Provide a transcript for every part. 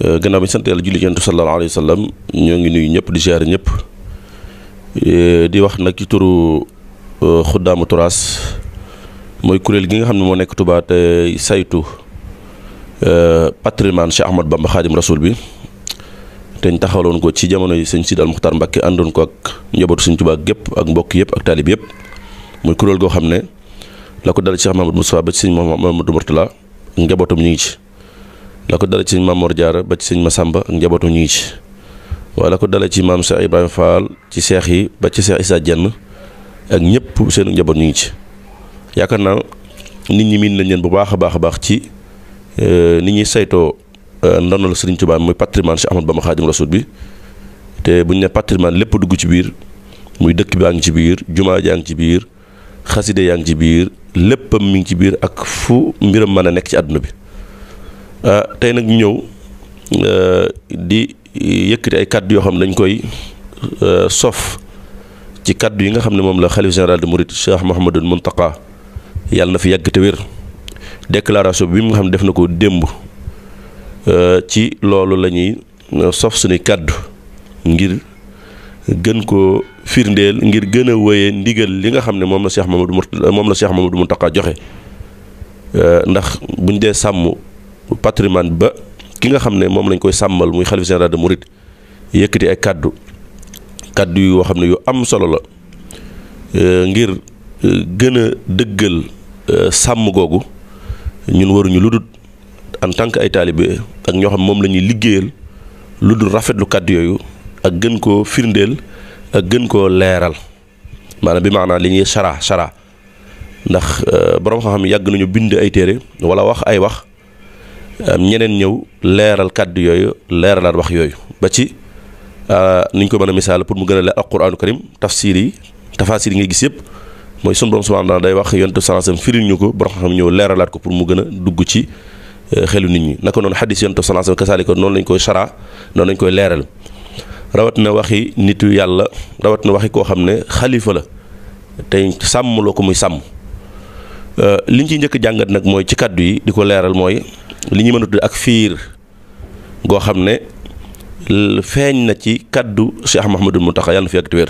Eh, gannaaw bi sant yalla julli jant sallallahu alayhi wasallam ñoo ngi nuyu ñëpp di ziare ñëpp eh, di wax nak ci turu eh, xuddaamu turas moy kurel gi nga xamne ne nek tuba te saytu patrimoine Cheikh Ahmad Bamba khadim Rasul bi te ñu ko ci jamono yi seigne sidal al Muxtaar andon ko ak njabootu seigne tuba gep ak mbokk yep ak talib yep moy kurel go xamne ne dal Cheikh Mahamadou Moustapha ba seigne sëñ murtala Mourtala ñi ci la ko dalé ci Mamor Diarra ba ci seigne Massamba ak njabootu ñi ci waaye la ko dalé ci maam Cheikh ibrahim Fall ci cheikh yi ba ci cheikh isa Dieng ak ñepp seen njaboot ñi ci yaakaar nit ñi min nañ leen bu baaxa baaxa baax ci euh nit ñi sayto saytoo ndonal seigne Touba muy patrimoine Cheikh ahmad bama Khadim Rasoul bi té buñ né patrimoine lepp duggu ci biir muy dëkk bi ngi ci biir juma jaa ci biir khasside yaa ci biir leppam mi ngi ci biir ak fu mbiram nek ci aduna bi Euh, tey nag ñu ñëw euh, di yëkkati ay kàddu yoo xam ne dañ koy euh, sof ci kàddu yi nga xam ne moom la xalif général de Mouride Cheikh Mouhamadul Mountakha yàlla na fi yàgg te wér déclaration bi mu nga xam ne def na ko démb ci loolu la ñuy sof suñuy kàddu ngir gën ko firndeel ngir gën a wéyee ndigal li nga xam ne moom la Cheikh Mamadou moom la Cheikh Mamadou Mountakha joxe ndax buñ dee sàmm. patrimoine ba ki nga xamne mom lañ koy sambal muy xalif general de mouride yekati ay kàddu xamne yu am solo la euh, ngir euh, gën a sam euh, sàmm googu ñun waruñu ludut en tant que ay taalibe ak ño xam mom lañuy liggéeyal lu rafet lu kàddu yoyu ak gën ko firndel ak gën ko léral manam bi maanaam li ñuy chara ndax borom xam-xam nañu bind ay wah. wala wax ay wax ñeneen ñëw leeral kàddu yooyu leeralaat wax yooyu ba ci niñ ko mën a misaal pour mu gën a leer alquraanu karim tafsir yi tafaasir yi ngay gis yëpp mooy sun borom subhaanahu wa taala day wax yontu salaasam firil ñu ko borom xam ñëw leeralaat ko pour mu gën a dugg ci e, xelu nit ñi naka noonu xadis yontu salaasam ko noonu lañ koy chara noonu lañ koy leeral rawat na waxi nitu yàlla rawat na waxi koo xam ne xalifa la tey sàmm loo ko muy sàmm e, liñ ci njëkk jàngat nag mooy ci kàddu yi di ko leeral mooy li ñu mën a tudd ak fiir goo xam ne feeñ na ci kaddu Cheikh Mouhamadul Mountakha yàlla na fi yàgg te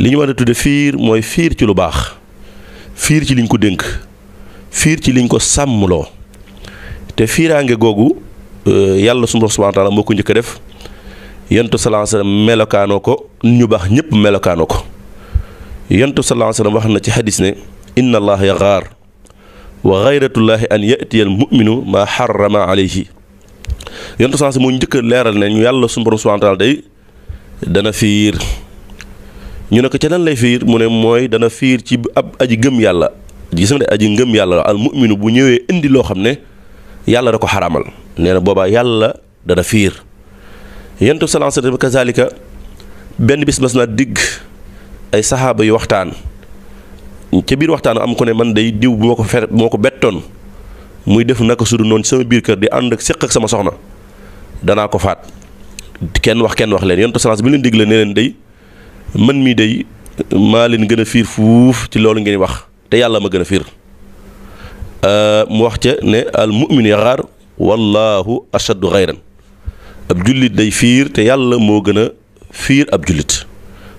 li ñu mën a tudd fiir mooy fiir ci lu baax fiir ci liñ ko dénk fiir ci liñ ko sàmmloo te fiiraange googu euh, yàlla sunu borom subhaanahu wa taala moo ko njëkk def yentu sallallahu alayhi wasallam melokaanoo ko ñu baax ñëpp melokaanoo ko yentu sallallahu alayhi wasallam wax na ci xadis ne inna allaha yaxaar wa xayratullahi an yatiya al muminu ma xarama alayhi yontu sens moo njëkk leeral ne ñu yàlla suñu borom subhanahu wa taala day dana fiir ñu ne ko ca lan lay fiir mu ne mooy dana fiir ci ab aji gëm yàlla gis nga de aji ngëm yàlla al muminu bu ñëwee indi loo xam ne yàlla da ko xaraamal nee na boobaa yàlla dana fiir yontu sens kazalika benn bis mas na digg ay saxaaba yu waxtaan ca biir waxtaan am ko ne man day diw boo ko fer moo ko bettoon muy def naka sudu noonu sama biir kër di ànd ak séq ak sama soxna danaa ko faat kenn wax kenn wax leen yonent salaas bi leen digle ne leen day man mii day maa leen gën a fiir fuuf ci loolu ngeen wax te yàlla ma gën a fiir euh, mu wax ca ne al mu'min yaxaar wallahu ashaddu xayran ab jullit day fiir te yàlla moo gën a fiir ab jullit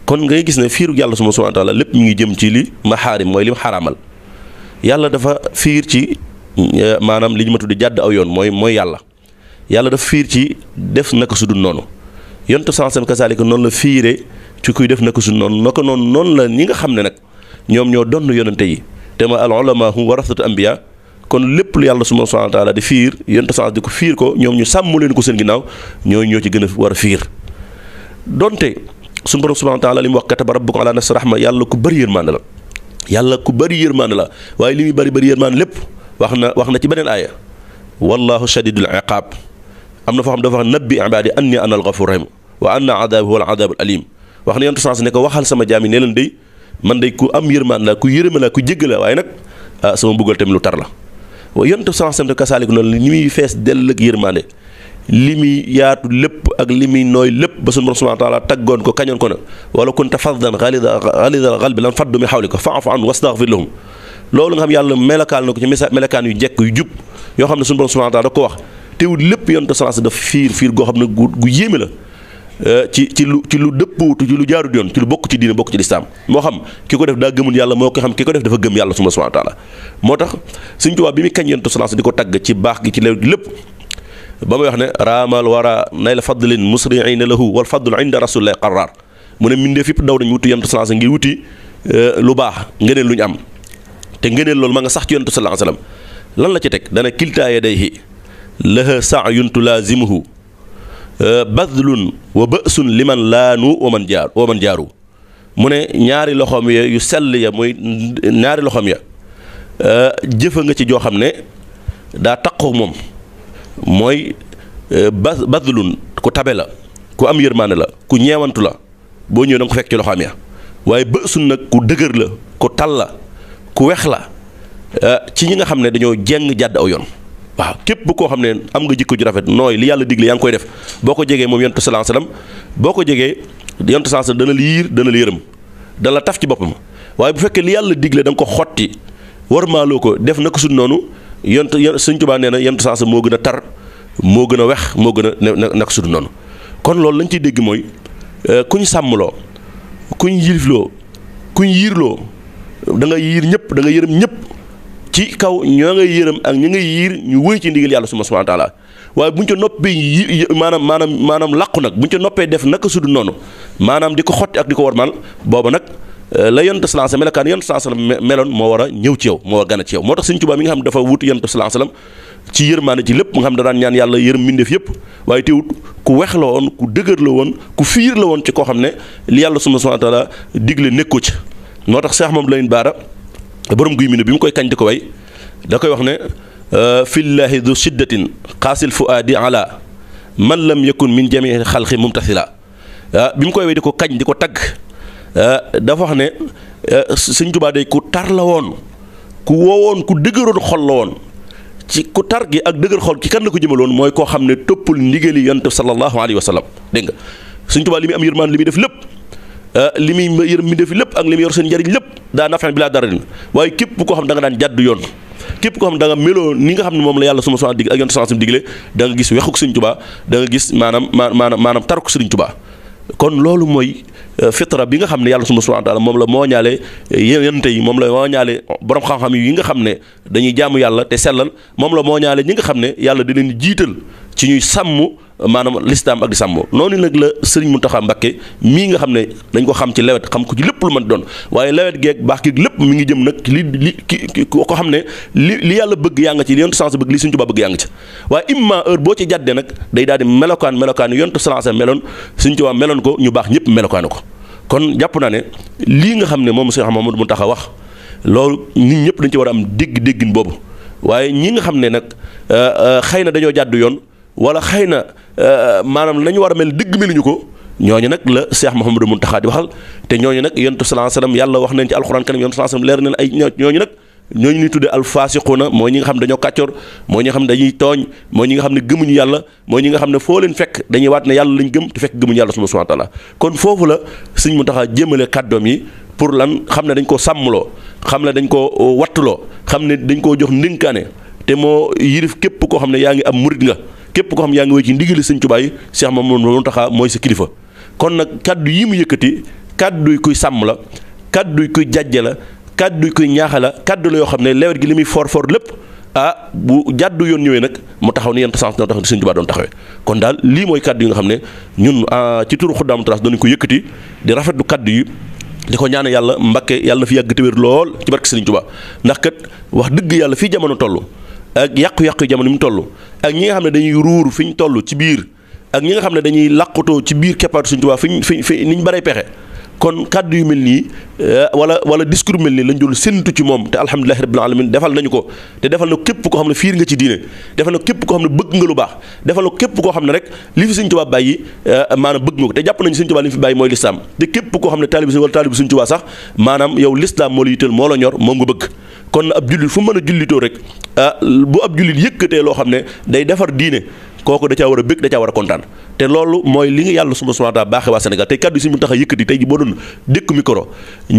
kon ngay gis ne fiiru yàlla suma wa lépp mu ngi jëm ci li xaari mooy li mu xaraamal yàlla dafa fiir ci euh, maanaam li ñu ma tudd jàdd aw yoon mooy mooy yàlla yàlla dafa fiir ci def naka su dul noonu yonent sansam kasaalika noonu la fiire ci kuy def naka su dul noonu naka noonu noonu la ñi nga xam ne nag ñoom ñoo donn yonente yi te ma al ulama hum warasatu ambiya kon lépp lu yàlla subhaanahu wa taala di fiir yonent sans di ko fiir ko ñoom ñu sàmm leen ko seen ginnaaw ñooy ñoo ci gën a war a fiir سبحانه سبحانه وتعالى لم وقت ربك على نصر رحمه يلا كبر يرمان لا يلا كبر يرمان لا واي لم يبر يبر يرمان لب واخنا واخنا تي بنين ايه والله شديد العقاب امنا فهم دفع نبي عبادي اني انا الغفور رحمه وان عذاب هو العذاب الاليم واخنا ينتصر سنك وخال سما جامي نيلن دي من دي كو ام يرمان لا كو يرمان لا كو جيغلا واي نك سما بوغل تملو تر لا ويونتو سانسم دو كاساليك نول ني مي فيس دلك يرمانه li muy yaatu lépp ak li muy nooy lépp ba sunu borom subhaana taala taggoon ko kañoon ko ne wala kunta faddan xalida xalida xalbi lan faddu min xawlika fa'fu anhum wastaxfir lahum loolu nga xam yàlla melakaal na ko ci misa yu jekk yu jub yoo xam ne sunu borom subhaana taala da ko wax teewul lépp yonte salaas daf fiir fiir goo xam ne gu gu yéeme la eh, ci ci lu ci lu dëppwutu ci lu jaarut yoon ci lu bokk ci diine bokk ci lislaam moo xam ki ko def daa yàlla moo ko xam ki ko def dafa gëm yàlla suma subhaana taala moo tax Sëñ Tuubaa bi muy kañ yonte di ko tagg ci baax gi ci lépp ba muy wax ne raamal wara nay la fadlin musriina lahu wal fadlu inda rasulillahi qaraar mu ne mbindéef yëpp daw nañ wuti yontu sallallahu alayhi wasallam ngi wuti eh, lu baax ngëneel lu ñu am te ngëneel loolu ma nga sax ci yontu sallallahu alayhi lan la ci teg dana kiltaa yadayhi laha saayun tulaazimuhu eh, badlun wa bësun liman laanu wa man jaar wa jaaru mu ne ñaari loxoom ya yu sell ya muy ñaari loxoom ya eh, jëfa nga ci joo xam ne daa taqu moom mooy bas lu ko tabe la ku am yërmaane la ku ñeewantu la boo ñëwee da nga ko fekk ci loxoom ya waaye bësun nag ku dëgër la ku tal la ku wex la euh, ci ñi nga xam ne dañoo jeng jàdd aw yoon waaw képp koo xam ne am nga jikko ju rafet nooy li yàlla digle yaa ngi koy def boo ko jegee moom yontu sallallahu alayhi boo ko jegee yontu sallallahu dana la yiir dana la yërëm dana taf ci boppam waaye bu fekkee li yàlla digle danga ko xotti warmaaloo ko def na ko sut noonu yont yon Sëñ Tuubaa nee na yont saa sa moo gën a tar moo gën a wex moo gën a nak sudu noonu kon loolu lañ ciy dégg mooy euh, kuñ sàmmloo kuñ yilifloo kuñ yiirloo da nga yiir ñëpp da nga yërëm ñëpp ci kaw ñoo ngay yërëm ak ñi ngay yiir ñu wëy ci ndigal yàlla suma subhaana taala waaye bu ñu ca noppee yi maanaam maanaam maanaam làqu nag bu ñu ca noppee def naka sudu noonu maanaam di ko xotti ak di ko war man booba nag Euh, la yonent sallallahu melokaan yonent sallallahu alayhi wasallam meloon moo war a ñëw ci yow moo war a gën ci yow moo tax Sëriñ Tuubaa mi nga xam dafa wut yonent sallallahu alayhi wasallam la woon ku dëgër la woon ku fiir la woon ci koo xam ne li yàlla subhaanahu wa taala digle nekkoo ci moo tax Cheikh Mamadou Lamine Bara borom guy mi ne bi mu koy kañ ko da koy wax ne euh, fillahi du shiddatin xaasil fuaadi ala man lam yakun min jamii xalqi mumtasila ah, bi mu koy way di ko kañ di ko tagg Euh, dafa wax ne euh, Sëñ Tuubaa day ku tar la woon ku woowoon ku dëgëroon xol la woon ci ku tar gi ak dëgër xol ci kan la ko jëmaloon mooy koo xam ne toppul ndigali yonent sallallahu alayhi wa sallam dégg nga Sëñ Tuubaa li muy am yërmaan li muy def lépp euh, li muy yër mi def lépp ak li muy yor seen njariñ lépp daa nafax bi laa dara din waaye képp koo xam da nga daan jàdd yoon képp koo xam da nga meloo ni nga xam ne moom la yàlla suma soxna dig ak yonent sallallahu alayhi wa sallam digle da nga maanaam maanaam maanaam taruk Sëriñ Tuubaa kon loolu mooy euh, fitra bi nga xam ne yàlla suma wa taala moom la moo ñaale euh, yonent yi moom la moo ñaale borom xam-xam yi nga xam ne dañuy jàmm yàlla te sellal moom la moo ñaale ñi nga xam ne yàlla di leen jiital ci ñuy sàmm euh, maanaam lislaam ak di sàmm noonu nag la sëriñ Mountakha Mbacké mii nga xam ne dañ ko xam ci lawet xam ko ci lépp lu mën doon waaye lewet geeg baax gi lépp mu ngi jëm nag li li ki ko xam ne li li yàlla bëgg yànga ci li yontu sens bëgg li suñ Tuubaa bëgg yaa nga ci waaye imma heure boo ci jàddee nag day daal di melokaan melokaan yu yontu meloon suñ Tuubaa meloon ko ñu baax ñëpp melokaanu ko kon jàpp naa ne lii nga xam ne moom Cheikh Mamadou Mountakha wax loolu nit ñëpp dañ ci war a am dégg-déggin boobu waaye ñi nga xam ne nag euh, euh, xëy na dañoo jàddu yoon wala xëy na euh, maanaam nañu war a mel dëgg ñu ko ñooñu nag la Cheikh Mouhamadou Mountakha di waxal te ñooñu nag yontu sallallahu alayhi wasallam yàlla wax nañ ci alxuraan kanam yontu sallallahu alayhi wasallam leer nañ ay ñooñu nag ñooñu ñuy tuddee alfaasiquuna mooy ñi nga xam dañoo kàccoor mooy ñi nga xam dañuy tooñ mooy ñi nga xam ne gëmuñu yàlla mooy ñi nga xam ne foo leen fekk dañuy waat ne yàlla lañ gëm te fekk gëmuñu yàlla subhanahu wa taala kon foofu la sëñ Mountakha jëmale kàddoom yi pour lan xam ne dañ koo sàmmloo xam ne dañ koo euh, wattuloo xam ne dañ koo jox ndénkaane te moo yirif képp koo xam ne yaa ngi am murit nga képp ko xam yaa ngi wéy ci ndigal sëñ Tuubaa yi Cheikh Mamadou Mountakha mooy sa kilifa kon nag kaddu yi mu yëkkati kaddu kuy sàmm la kaddu kuy jàjje la kaddu kuy ñaaxa la kaddu la yoo xam ne lewet gi li muy for for lépp ah bu jaddu yoon ñëwee nag mu taxaw ni yenn sens na taxaw sëñ Tuubaa doon taxawee kon daal lii mooy kaddu yi nga xam ne ñun ah, ci turu Xudaamul tras danañ ko yëkkati di rafetlu kaddu yi di ko yàlla Mbakke fi yàgg te lool ci barke ndax kat wax dëgg yàlla fii jamono toll ak yàqu-yàqu jamono bi mu toll ak ñi nga xam ne dañuy ruur fi ñu toll ci biir ak ñi nga xam ne dañuy làqutoo ci biir keppaatu Sëriñ Tuubaa fi ñu fi fi ni ñu baree pexe kon kàddu yu mel nii eh, wala wala discours mel nii lañ doon séntu ci moom te alhamdulilahi rabbil alamin defal nañu ko te defal na képp koo xam ne fiir nga ci diine defal na képp koo xam ne bëgg nga lu baax defal na képp koo xam ne rek li fi Sëriñ Tuubaa bàyyi eh, maanaam bëgg nga ko te koo xam ne taalibi wala taalibi Sëriñ Tuubaa sax maanaam yow lislaam moo moo la ñor moom nga bëgg kon ab jullit fu mën a jullitoo rek ah, bu ab jullit yëkkatee loo xam ne day defar diine kooku da caa war a bëgg da caa war a kontaan te loolu mooy li nga yàlla suma subhanahu wa taala baaxee waa Sénégal tey kàddu si mu tax a yëkkati tey ji boo doon dékk mikoro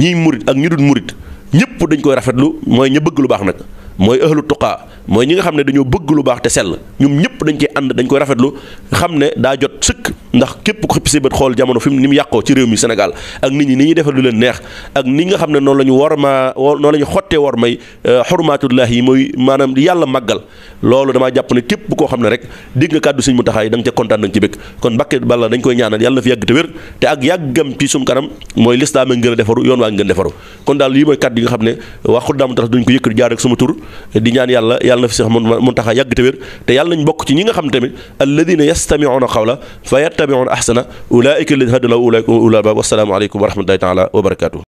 ñiy murit ak ñi dul murit ñëpp dañ koy rafetlu mooy ña bëgg lu baax nag mooy ahlu tuqaa mooy ñi nga xam ne dañoo bëgg lu baax te sell ñoom ñëpp dañ cee ànd dañ koy rafetlu xam ne daa jot sëkk ndax képp ku xipsi bët xool jamono fi ni mu yàqoo ci réew mi sénégal ak nit ñi ni ñuy defal lu leen neex ak ni nga xam ne noonu la ñu war ma noonu la ñu xottee may euh, xurmaatullah yi mooy maanaam yàlla màggal loolu dama jàpp ne képp koo xam rek dégg nga kàddu suñ mu taxaay da nga ca kontaan ci bëgg kon mbàkke balla dañ koy ñaanal yàlla fi yàgg te wér te ak yàggam ci suñ kanam mooy lislaam a ngën a defaru yoon waa ngën defaru kon daal yi mooy kàddu yi nga xam ne waa xuddaam tax duñ ko yëkkati jaar ak suma tur di ñaan yàlla yàlla na fi sax mun taxaa te wér te yàlla nañ bokk ci ñi nga xam tamit alladina yastamiuna qawla fa يتبعون أحسن أولئك الذين هدوا أولئك أولئك والسلام عليكم ورحمة الله تعالى وبركاته